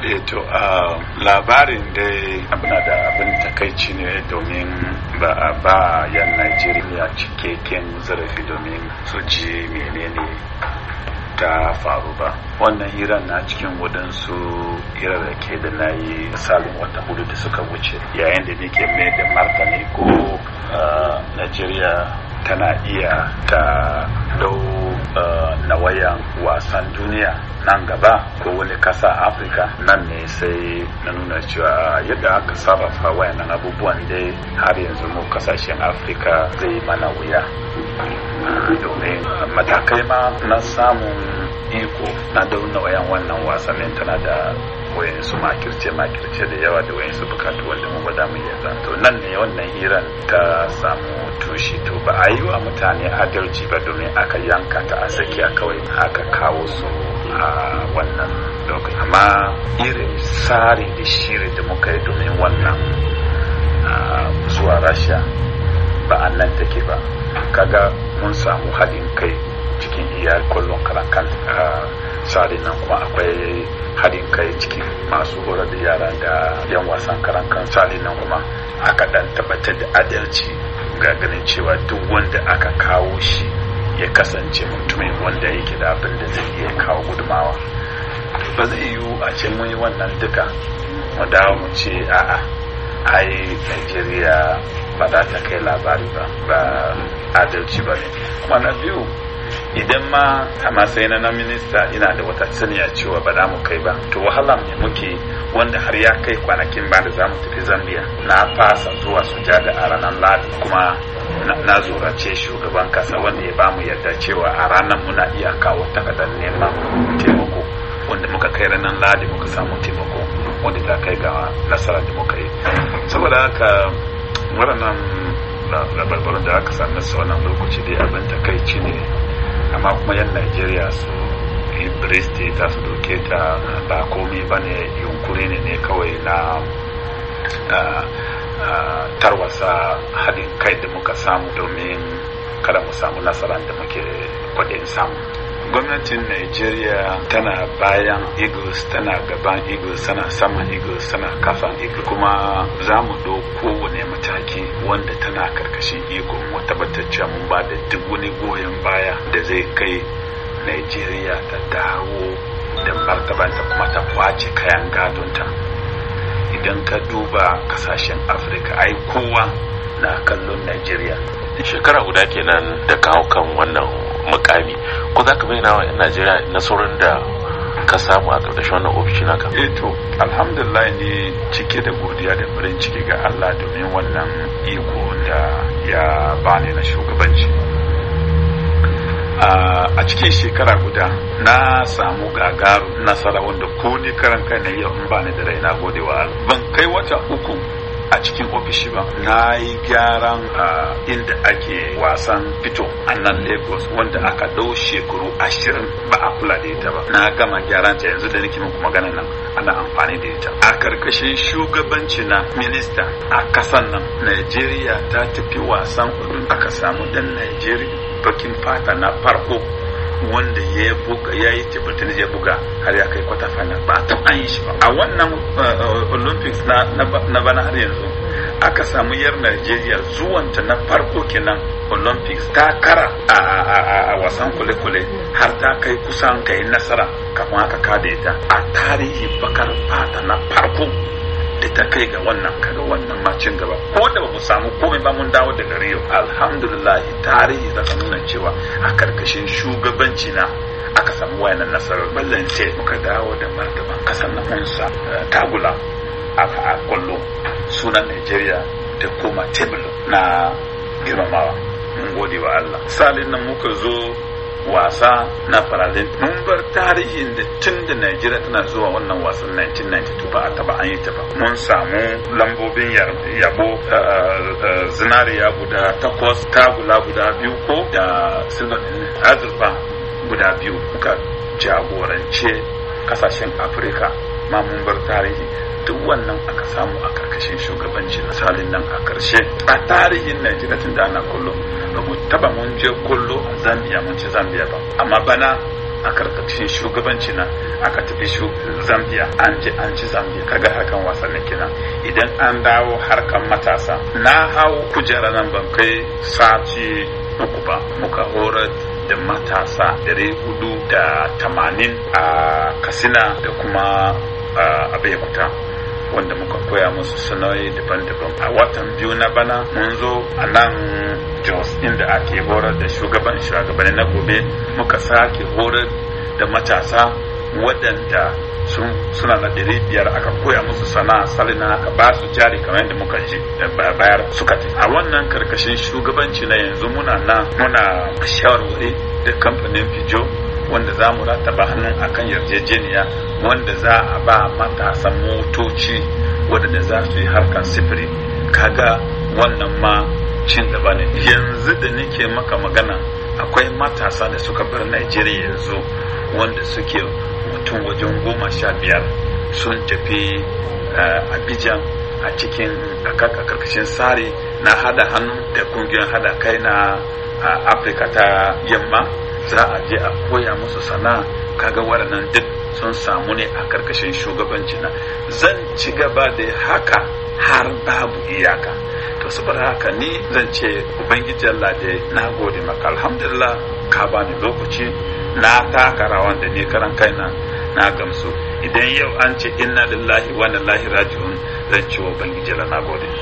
Eh, to a ah, labarin dai abuna da abin takaici ne domin ba a ba yan najeriya cikakken zarafi domin su ji menene ta faru ba wannan hirar na cikin waɗansu hirar da ke da na yi misalin wata hudu da suka wuce yayin da nake mai da martani ko ah, najeriya tana iya ta dau ah, wayan wasan duniya nan gaba ko wani kasa afirka nan ne sai na nuna cewa yadda aka sarrafa wayannan abubuwan dai har yanzu mu kasashen afirka zai mana wuya domin matakai ma na samun iko na daunawa wayan wannan wasannin tana da wayansu makirce makirce da yawa da su bukatu wanda mu ba za mu iya to nan ne wannan hiran ta samu tushi to ba a yi wa mutane adalci ba domin aka yanka ta a tsakiya kawai aka kawo su a wannan lokaci amma irin tsari da shiri da muka yi domin wannan zuwa rasha ba a nan take ba kaga mun samu haɗin kai cikin iya kullum karan kan tsarin nan kuma akwai haɗin kai cikin masu horar da yara da yan wasan karan kan nan kuma aka dan tabbatar da adalci ga ganin cewa duk wanda aka kawo shi ya kasance mutumin wanda yake da abin da zai iya kawo gudumawa ba zai yiwu a ce mun yi wannan duka mu dawo mu ce a'a ai Najeriya ba za ta kai labari ba ba adalci ba ne kuma na biyu idan ma a sai na minista ina da wata saniya cewa ba za mu kai ba to wahala ne muke wanda har ya kai kwanakin ba da za mu tafi zambia na fasa zuwa da a ranar ladi kuma na zorace shugaban kasa wanda ya bamu yarda cewa a ranar muna iya kawo takardar neman taimako wanda muka kai ranar ladi muka samu taimako wanda ta kai ga nasara da muka yi saboda haka waɗannan labarbaran da aka sami su wannan lokaci dai abin takaici ne amma kuma yan najeriya su yi briste ta su doke ta ba komi ba ne yunkuri ne ne kawai na tarwasa haɗin kai da muka samu domin kada mu samu nasarar da muke kwaɗin samu gwamnatin Najeriya tana bayan Eagles tana gaban Eagles tana saman Eagles tana kafan Eagles kuma za mu ɗau kowane mataki wanda tana karkashin iko mu tabbatacce mun ba da duk wani goyon baya da zai kai Najeriya ta dawo da martabanta kuma ta kwace kayan gadonta idan ka duba kasashen afirka ai kowa na kallon najeriya shekara guda kenan da kawo kan wannan mukami ko za ka bayyana wa 'yan najeriya nasarorin da ka samu a ƙarƙashin wannan ofishi naka eh to alhamdulillah ne cike da godiya da farin ciki ga allah domin wannan iko da ya bani na shugabanci a cikin shekara guda na samu gagaru nasara wanda ko ni karan kai na yau in ba ni da raina godewa ban kai wata uku a cikin ofishi ba na yi gyaran a inda ake wasan fito a nan lagos wanda aka dau shekaru ashirin ba a kula da ita ba na gama gyaran ta yanzu da nake muku magana nan ana amfani da ita a karkashin shugabanci na minista a kasan nan nigeria ta tafi wasan kudin aka samu dan nigeria bakin fata na farko wanda ya buga ya yi tibetan ya buga har ya kai kwata final ba ta an yi shi ba a wannan eh, olympics na bana har yanzu aka samu yar Najeriya zuwanta na farko kenan olympics ta kara a wasan kule-kule har ta kai kusan kai nasara kafin aka kada ita a tarihi bakar fata na farko da ta kai ga wannan kaga wannan macin gaba ko da ba mu samu komai ba mun dawo daga Rio alhamdulillah tarihi zaka nuna cewa a karkashin shugabanci na aka samu wayannan nasarar ballan sai muka dawo da martaban kasar na Musa eh, tagula a kwallo sunan Najeriya da koma tebul na girmamawa mun gode wa Allah salin nan muka zo wasa na paralympic mun bar tarihin da tun da najeriya tana zuwa wannan wasan 1992 ba a taba an yi ta ba mun samu lambobin yabo eh, eh, eh, zinariya guda takwas tagula guda biyu ko da silver azurfa guda biyu muka jagorance kasashen afirka ma bar tarihi duk wannan aka samu a karkashin shugabanci salin nan a karshe a tarihin najeriya tun da ana kullum ba mu taba mun je kullo a zambia mun ci zambia ba amma bana a karkashin shugabanci na aka tafi shu zambia an je an ci zambia kaga hakan wasannin kina idan an dawo harkan matasa na hau kujera nan ban kai sati uku ba muka horar da matasa 480 a kasina da kuma abin kuta wanda muka koya musu sunayi daban-daban a watan biyu na bana mun zo a nan jos inda ake horar da shugaban shugabanni na gobe muka sake horar da matasa waɗanda suna na ɗari biyar aka koya musu sana'a salina aka ba su jari kamar yadda muka ji bayar suka ce a wannan karkashin shugabanci na yanzu muna na muna shawarwari da kamfanin fijo wanda za mu rataba hannun akan yarjejeniya wanda za a ba matasan motoci wadanda za su yi harkar sifiri kaga wannan ma cin gaba ne yanzu da nake maka magana akwai matasa da suka bar Najeriya yanzu wanda suke mutum wajen goma sha biyar sun tafi eh, abijan a cikin a karkashin tsari na hada hannu da kungiyar hada kai na Afirka ta yamma za a je a koya musu sana'a kaga waɗannan duk sun samu ne a karkashin shugabanci na zan ci gaba da haka har babu iyaka to saboda haka ni zan ce ubangiji Allah da na gode maka alhamdulillah ka bani lokaci na taka rawan da ni karan kaina na gamsu idan yau an ce inna lillahi wa inna ilaihi raji'un zan ce wa ubangiji Allah na gode